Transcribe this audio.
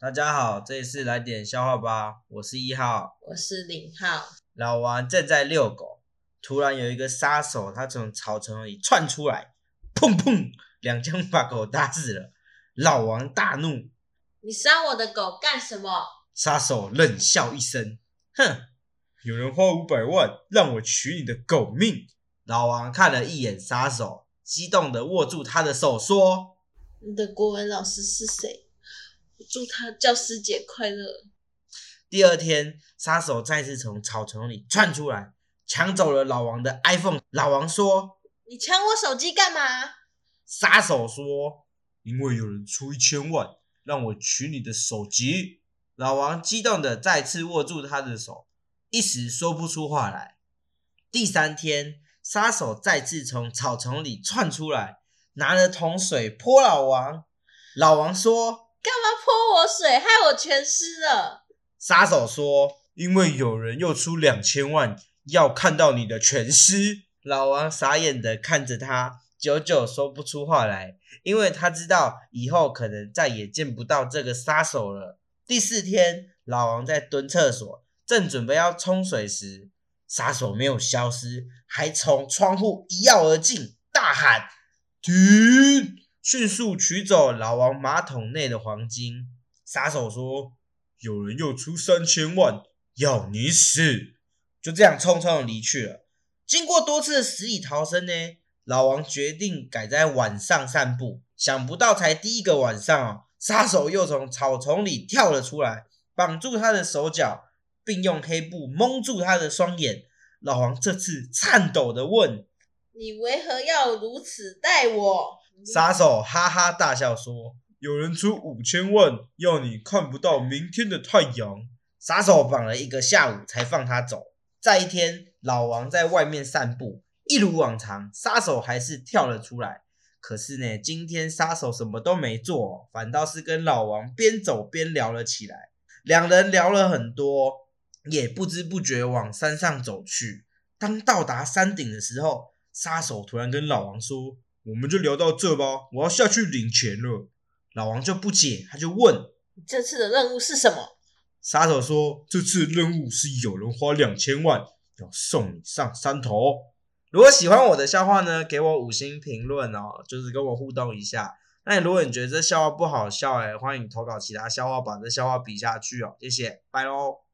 大家好，這一次來點笑話吧。我是一號，我是零號。老王正在遛狗，突然有一個殺手，他從草叢裡竄出來，砰砰兩槍把狗打死了。老王大怒：“你殺我的狗幹什麼？”殺手冷笑一聲：“哼，有人花五百萬讓我取你的狗命。”老王看了一眼殺手，激動的握住他的手說：“你的國文老師是誰？”我祝他教師節快樂。第二天，殺手再次從草叢裡竄出來，搶走了老王的 iPhone。老王說：“你搶我手機幹嘛？”殺手說：“因為有人出一千萬，讓我取你的手機。”老王激動地再次握住他的手，一時說不出話來。第三天，殺手再次從草叢裡竄出來，拿了桶水潑老王。老王說。幹嘛潑我水，害我全濕了？殺手說：“因為有人又出兩千萬，要看到你的全屍。”老王傻眼的看着他，久久說不出話來，因為他知道以後可能再也見不到這個殺手了。第四天，老王在蹲廁所，正準備要沖水時，殺手沒有消失，還從窗戶一躍而進，大喊：“停！”迅速取走老王馬桶內的黃金，殺手說：“有人又出三千萬，要你死。”就這樣匆匆地離去了。經過多次的死裡逃生呢，老王決定改在晚上散步。想不到才第一個晚上，殺手又從草叢裡跳了出來，綁住他的手腳，並用黑布蒙住他的雙眼。老王這次顫抖地問。你為何要如此待我？殺手哈哈大笑說：“有人出五千萬，要你看不到明天的太陽。”殺手綁了一個下午才放他走。再一天，老王在外面散步，一如往常，殺手還是跳了出來。可是呢，今天殺手什麼都沒做，反倒是跟老王邊走邊聊了起來。兩人聊了很多，也不知不覺往山上走去。當到達山頂的時候，殺手突然跟老王說：“我們就聊到這吧，我要下去領錢了。”老王就不解，他就問：“你這次的任務是什麼？”殺手說：“這次的任務是有人花兩千萬要送你上山頭。”如果喜歡我的笑話呢，給我五星評論哦，就是跟我互動一下。那你如果你覺得這笑話不好笑哎、欸，歡迎投稿其他笑話，把這笑話比下去哦，謝謝，拜嘍。